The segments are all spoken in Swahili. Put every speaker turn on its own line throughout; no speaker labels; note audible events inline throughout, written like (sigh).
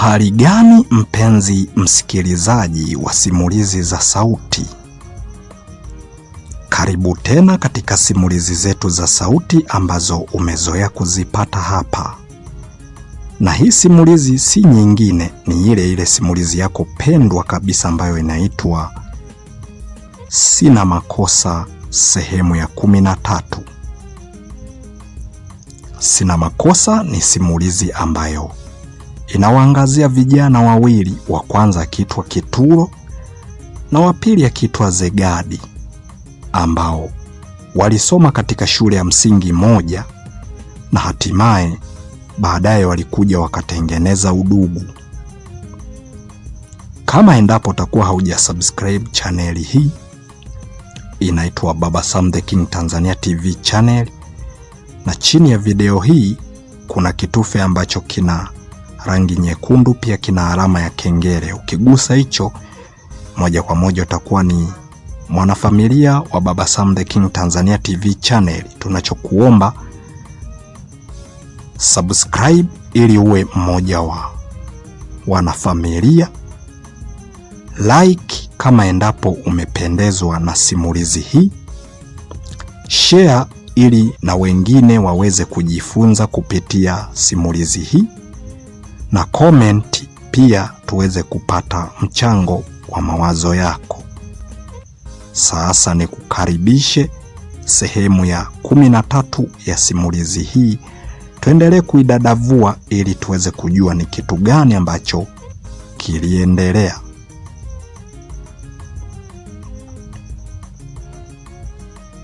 hali gani mpenzi msikilizaji wa simulizi za sauti? Karibu tena katika simulizi zetu za sauti ambazo umezoea kuzipata hapa, na hii simulizi si nyingine, ni ile ile simulizi yako pendwa kabisa ambayo inaitwa Sina Makosa sehemu ya kumi na tatu. Sina Makosa ni simulizi ambayo inawaangazia vijana wawili, wa kwanza akiitwa Kituro na wa pili akiitwa Zegadi, ambao walisoma katika shule ya msingi moja na hatimaye baadaye walikuja wakatengeneza udugu. Kama endapo utakuwa subscribe chaneli hii inaitwa Baba Sam the King Tanzania TV channel, na chini ya video hii kuna kitufe ambacho kina rangi nyekundu, pia kina alama ya kengele. Ukigusa hicho moja kwa moja utakuwa ni mwanafamilia wa Baba Sam the King Tanzania TV channel. Tunachokuomba subscribe ili uwe mmoja wa wanafamilia, like kama endapo umependezwa na simulizi hii, share ili na wengine waweze kujifunza kupitia simulizi hii na comment pia tuweze kupata mchango wa mawazo yako. Sasa ni kukaribishe sehemu ya kumi na tatu ya simulizi hii. Tuendelee kuidadavua ili tuweze kujua ni kitu gani ambacho kiliendelea.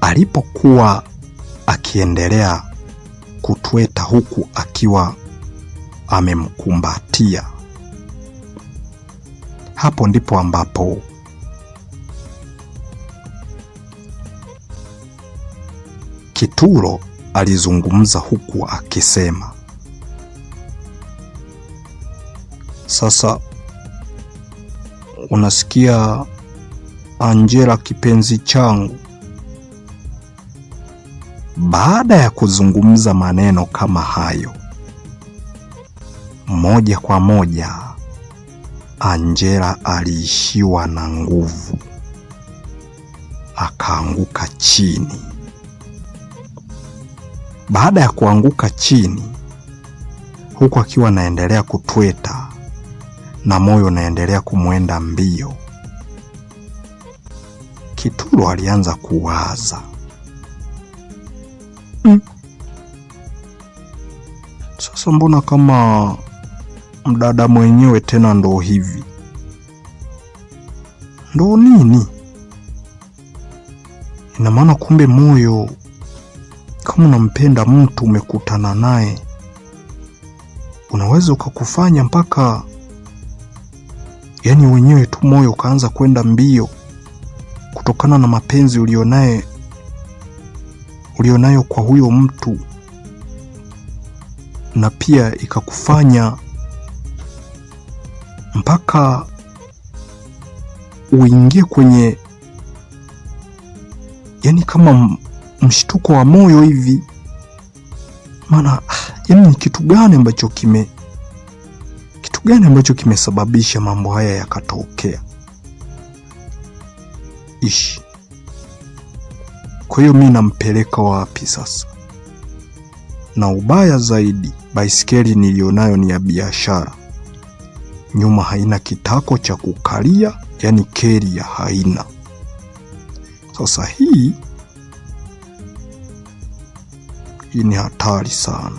Alipokuwa akiendelea kutweta huku akiwa amemkumbatia. Hapo ndipo ambapo Kituro alizungumza huku akisema, sasa unasikia Angela, kipenzi changu. Baada ya kuzungumza maneno kama hayo moja kwa moja Angela aliishiwa na nguvu, akaanguka chini. Baada ya kuanguka chini, huku akiwa anaendelea kutweta na moyo unaendelea kumwenda mbio, Kituro alianza kuwaza mm. Sasa mbona kama mdada mwenyewe tena ndo hivi ndo nini? Ina maana kumbe moyo, kama unampenda mtu umekutana naye, unaweza ukakufanya mpaka yani wenyewe tu moyo ukaanza kwenda mbio kutokana na mapenzi ulionaye ulionayo kwa huyo mtu, na pia ikakufanya mpaka uingie kwenye yani kama mshtuko wa moyo hivi, maana yani ni kitu gani ambacho kime kitu gani ambacho kimesababisha mambo haya yakatokea ishi. Kwa hiyo mi nampeleka wapi sasa? Na ubaya zaidi, baisikeli niliyonayo ni ya biashara nyuma haina kitako cha kukalia, yani keria haina. Sasa hii hii ni hatari sana.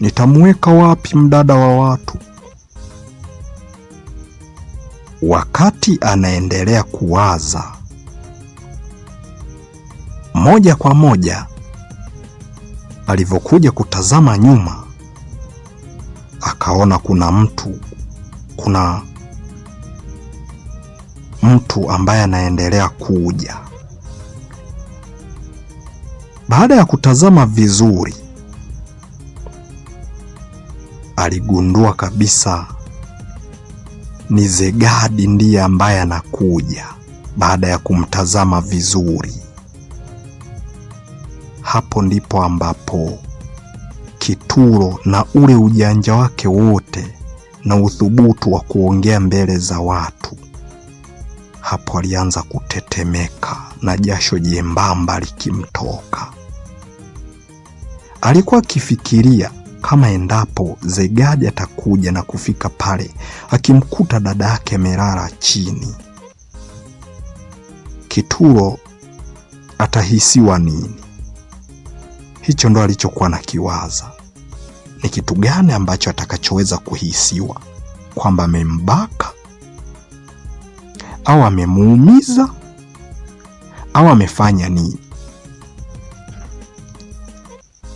Nitamweka wapi mdada wa watu? Wakati anaendelea kuwaza, moja kwa moja alivyokuja kutazama nyuma, akaona kuna mtu kuna mtu ambaye anaendelea kuja. Baada ya kutazama vizuri, aligundua kabisa ni Zegadi ndiye ambaye anakuja. Baada ya kumtazama vizuri, hapo ndipo ambapo Kituro na ule ujanja wake wote na uthubutu wa kuongea mbele za watu. Hapo alianza kutetemeka na jasho jembamba likimtoka. Alikuwa akifikiria kama endapo Zegadi atakuja na kufika pale akimkuta dada yake amelala chini, Kituro atahisiwa nini? Hicho ndo alichokuwa na kiwaza ni kitu gani ambacho atakachoweza kuhisiwa kwamba amembaka au amemuumiza au amefanya nini.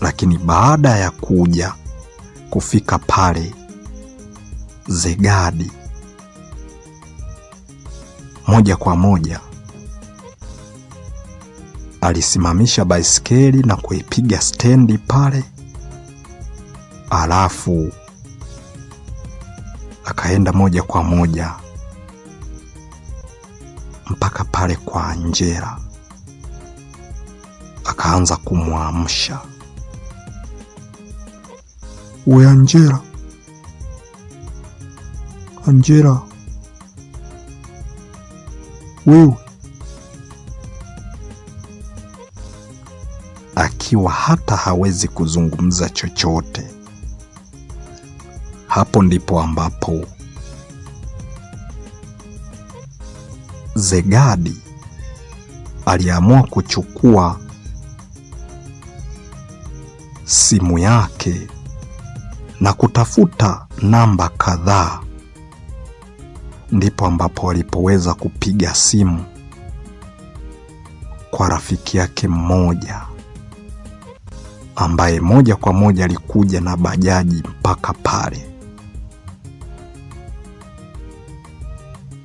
Lakini baada ya kuja kufika pale Zegadi, moja kwa moja alisimamisha baiskeli na kuipiga stendi pale alafu akaenda moja kwa moja mpaka pale kwa njera akaanza kumwamsha. We anjera Anjera wewe, akiwa hata hawezi kuzungumza chochote hapo ndipo ambapo Zegadi aliamua kuchukua simu yake na kutafuta namba kadhaa, ndipo ambapo alipoweza kupiga simu kwa rafiki yake mmoja ambaye moja kwa moja alikuja na bajaji mpaka pale.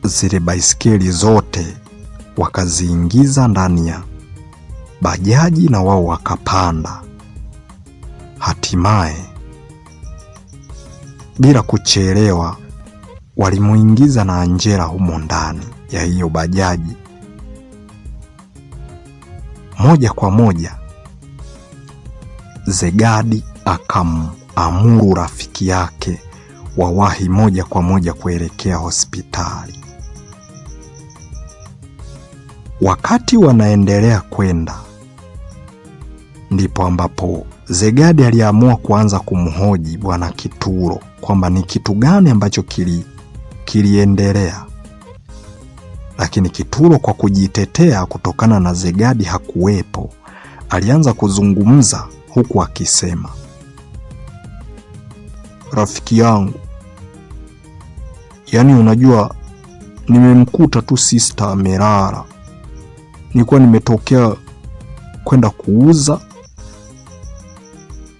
zile baiskeli zote wakaziingiza ndani ya bajaji na wao wakapanda. Hatimaye bila kuchelewa, walimuingiza na Angela humo ndani ya hiyo bajaji moja kwa moja. Zegadi akamamuru rafiki yake wawahi moja kwa moja kuelekea hospitali. Wakati wanaendelea kwenda, ndipo ambapo Zegadi aliamua kuanza kumhoji Bwana Kituro kwamba ni kitu gani ambacho kili, kiliendelea. Lakini Kituro kwa kujitetea kutokana na Zegadi hakuwepo, alianza kuzungumza huku akisema, rafiki yangu, yaani unajua nimemkuta tu Sista Merara nilikuwa nimetokea kwenda kuuza.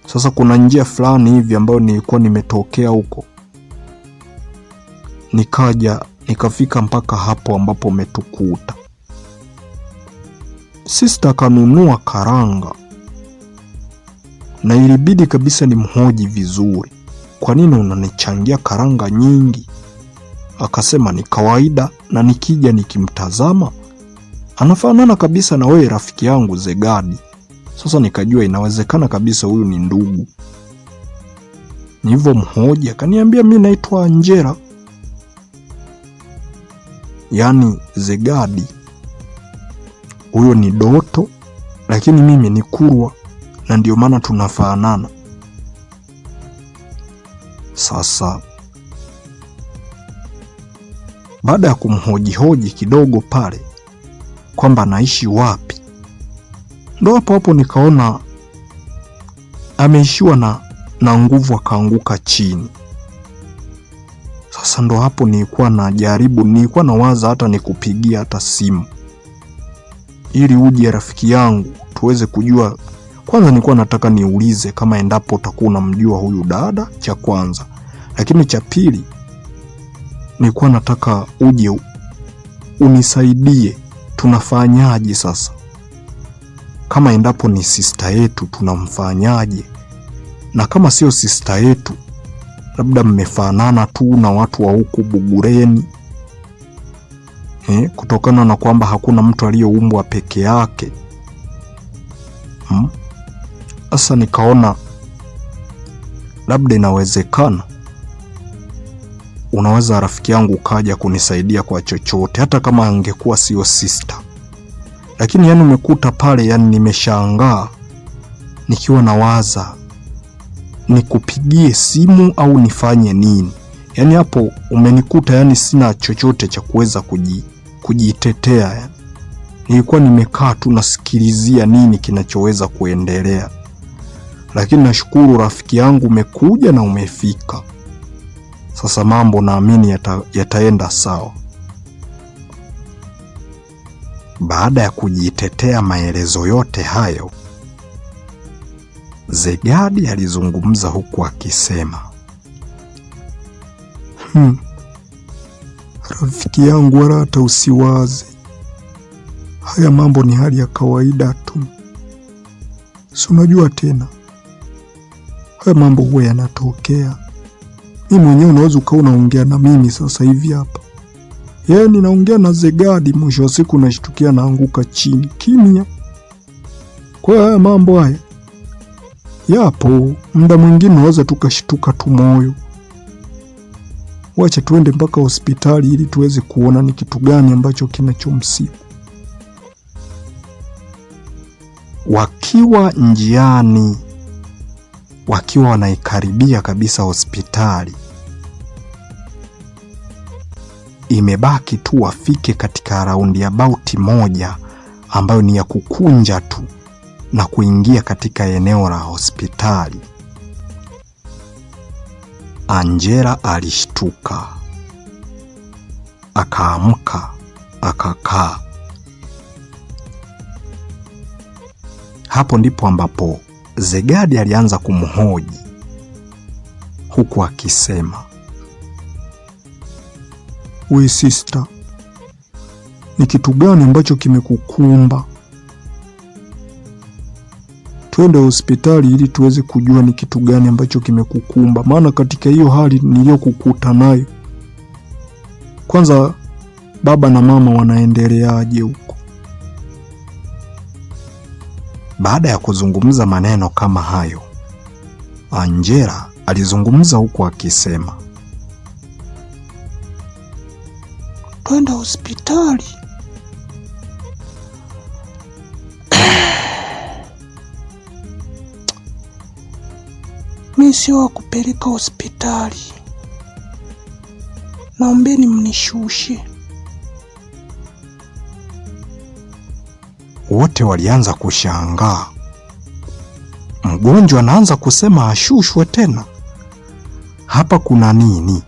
Sasa kuna njia fulani hivi ambayo nilikuwa nimetokea huko, nikaja nikafika mpaka hapo ambapo umetukuta. Sista akanunua karanga na ilibidi kabisa nimhoji vizuri, kwa nini unanichangia karanga nyingi? Akasema ni kawaida, na nikija nikimtazama anafanana kabisa na wewe rafiki yangu Zegadi. Sasa nikajua inawezekana kabisa huyu ni ndugu. Nilivyomhoji akaniambia mi naitwa Njera, yaani Zegadi huyo ni Doto, lakini mimi ni Kurwa na ndio maana tunafanana. Sasa baada ya kumhojihoji kidogo pale kwamba naishi wapi. Ndo hapo hapo nikaona ameishiwa na, na nguvu akaanguka chini. Sasa ndo hapo nilikuwa najaribu, nilikuwa nawaza hata nikupigia hata simu ili uje rafiki yangu tuweze kujua. Kwanza nilikuwa nataka niulize kama endapo utakuwa unamjua huyu dada, cha kwanza, lakini cha pili nilikuwa nataka uje unisaidie tunafanyaje sasa? Kama endapo ni sista yetu tunamfanyaje? Na kama sio sista yetu, labda mmefanana tu na watu wa huku Bugureni eh, kutokana na kwamba hakuna mtu aliyeumbwa peke yake. Hmm? Sasa hmm, nikaona labda inawezekana unaweza rafiki yangu ukaja kunisaidia kwa chochote, hata kama angekuwa sio sister. Lakini yani umekuta pale, yani nimeshangaa nikiwa nawaza nikupigie simu au nifanye nini? Yani hapo umenikuta, yani sina chochote cha kuweza kuji, kujitetea yani. Nilikuwa nimekaa tu nasikilizia nini kinachoweza kuendelea, lakini nashukuru rafiki yangu umekuja na umefika. Sasa mambo naamini yata, yataenda sawa. Baada ya kujitetea maelezo yote hayo, Zegadi alizungumza huku akisema hmm, rafiki yangu, wala hata usiwaze, haya mambo ni hali ya kawaida tu, si unajua tena, haya mambo huwa yanatokea mi mwenyewe unaweza ukawa unaongea na mimi sasa hivi hapa ye, ninaongea na Zegadi, mwisho wa siku nashtukia naanguka chini kimya. Kwa haya mambo haya yapo, muda mwingine unaweza tukashtuka tu moyo. Wacha tuende mpaka hospitali ili tuweze kuona ni kitu gani ambacho kinachomsibu. Wakiwa njiani wakiwa wanaikaribia kabisa hospitali, imebaki tu wafike katika raundi abauti moja ambayo ni ya kukunja tu na kuingia katika eneo la hospitali. Angela alishtuka, akaamka, akakaa. Hapo ndipo ambapo Zegadi alianza kumhoji huku akisema, we sista, ni kitu gani ambacho kimekukumba? Twende hospitali ili tuweze kujua ni kitu gani ambacho kimekukumba, maana katika hiyo hali niliyokukuta nayo, kwanza baba na mama wanaendeleaje huko? Baada ya kuzungumza maneno kama hayo, Angela alizungumza huku akisema,
twenda hospitali. (clears throat) Mimi sio wa kupeleka hospitali, naombeni mnishushe.
Wote walianza kushangaa. Mgonjwa anaanza kusema ashushwe tena, hapa kuna nini?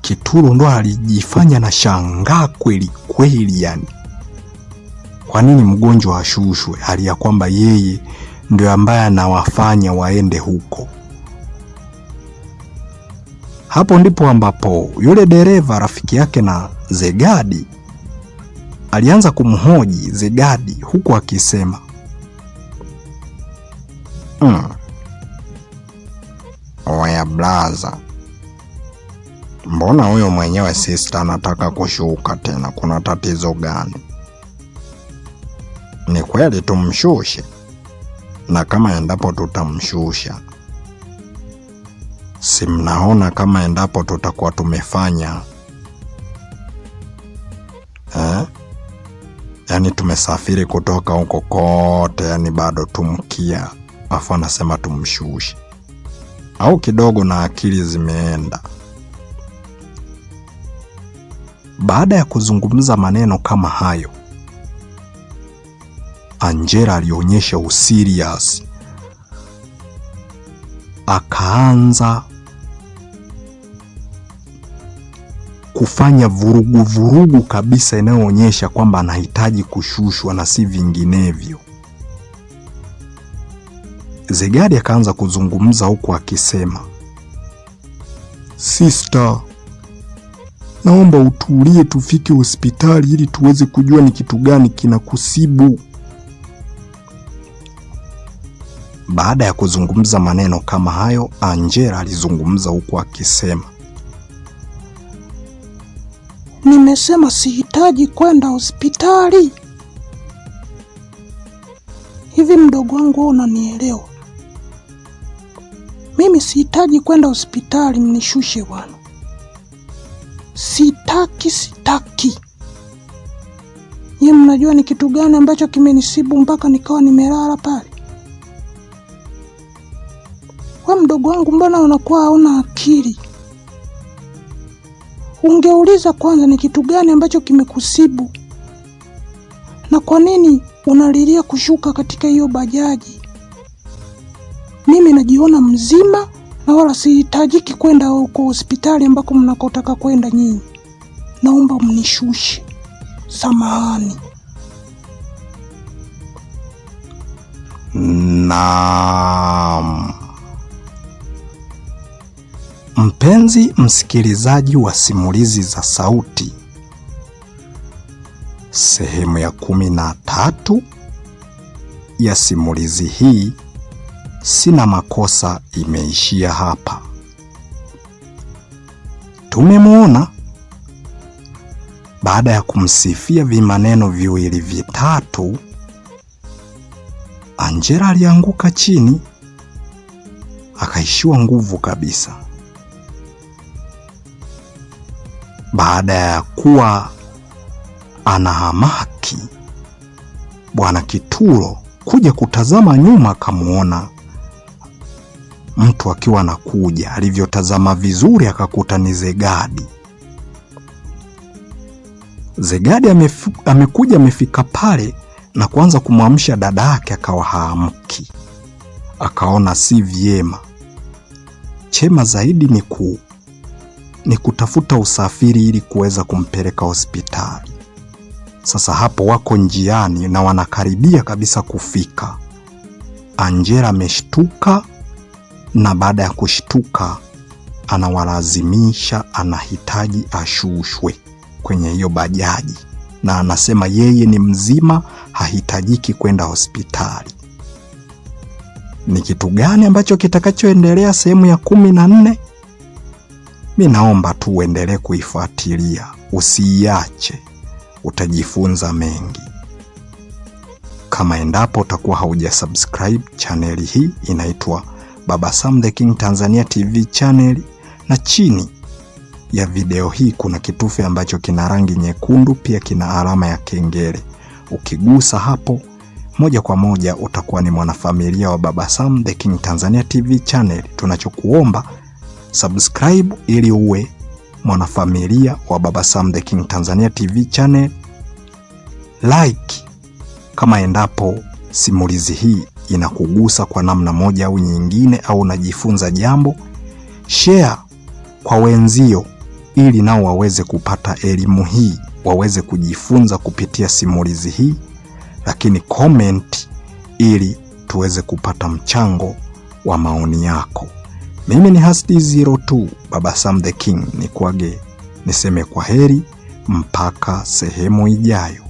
Kituru ndo alijifanya na shangaa kweli kweli, yani kwa nini mgonjwa ashushwe hali ya kwamba yeye ndio ambaye anawafanya waende huko? Hapo ndipo ambapo yule dereva rafiki yake na Zegadi alianza kumhoji Zegadi huku akisema
mm, oya blaza, mbona huyo mwenyewe sista anataka kushuka tena? Kuna tatizo gani? Ni kweli tumshushe? Na kama endapo tutamshusha, si mnaona kama endapo tutakuwa tumefanya amesafiri kutoka huko kote, yani bado tumkia, afu anasema tumshushe au kidogo, na akili zimeenda.
Baada ya kuzungumza maneno kama hayo, Angela alionyesha usirias, akaanza kufanya vurugu vurugu kabisa inayoonyesha kwamba anahitaji kushushwa na si vinginevyo. Zegadi akaanza kuzungumza huku akisema, Sista, naomba utulie tufike hospitali ili tuweze kujua ni kitu gani kinakusibu. Baada ya kuzungumza maneno kama hayo, Angela alizungumza huku akisema,
Nimesema sihitaji kwenda hospitali. Hivi mdogo wangu, wewe unanielewa? Mimi sihitaji kwenda hospitali, mnishushe bwana. Sitaki, sitaki. Ye, mnajua ni kitu gani ambacho kimenisibu mpaka nikawa nimelala pale? We mdogo wangu, mbona unakuwa hauna akili? ungeuliza kwanza ni kitu gani ambacho kimekusibu na kwa nini unalilia kushuka katika hiyo bajaji. Mimi najiona mzima na wala sihitajiki kwenda huko hospitali ambako mnakotaka kwenda nyinyi. Naomba mnishushe, samahani.
Naam.
Mpenzi msikilizaji wa simulizi za sauti, sehemu ya kumi na tatu ya simulizi hii Sina Makosa imeishia hapa. Tumemwona baada ya kumsifia vimaneno viwili vitatu, Angela alianguka chini akaishiwa nguvu kabisa. Baada ya kuwa ana hamaki Bwana kituro kuja kutazama nyuma, akamwona mtu akiwa anakuja. Alivyotazama vizuri, akakuta ni Zegadi. Zegadi amekuja amefika pale na kuanza kumwamsha dada yake, akawa haamki. Akaona si vyema, chema zaidi ni ku ni kutafuta usafiri ili kuweza kumpeleka hospitali. Sasa hapo wako njiani na wanakaribia kabisa kufika. Angela ameshtuka, na baada ya kushtuka anawalazimisha, anahitaji ashushwe kwenye hiyo bajaji, na anasema yeye ni mzima, hahitajiki kwenda hospitali. Ni kitu gani ambacho kitakachoendelea sehemu ya kumi na nne? mi naomba tu uendelee kuifuatilia, usiiache. Utajifunza mengi kama endapo utakuwa haujasubscribe chaneli hii inaitwa Baba Sam the King Tanzania TV channel, na chini ya video hii kuna kitufe ambacho kina rangi nyekundu, pia kina alama ya kengele. Ukigusa hapo moja kwa moja utakuwa ni mwanafamilia wa Baba Sam the King Tanzania TV channel. Tunachokuomba subscribe ili uwe mwanafamilia wa Baba Sam The King Tanzania TV channel, like kama endapo simulizi hii inakugusa kwa namna moja au nyingine, au unajifunza jambo, share kwa wenzio, ili nao waweze kupata elimu hii, waweze kujifunza kupitia simulizi hii, lakini comment ili tuweze kupata mchango wa maoni yako. Mimi ni Hasdi 02 Baba Sam the King, ni kwage niseme kwa heri mpaka sehemu ijayo.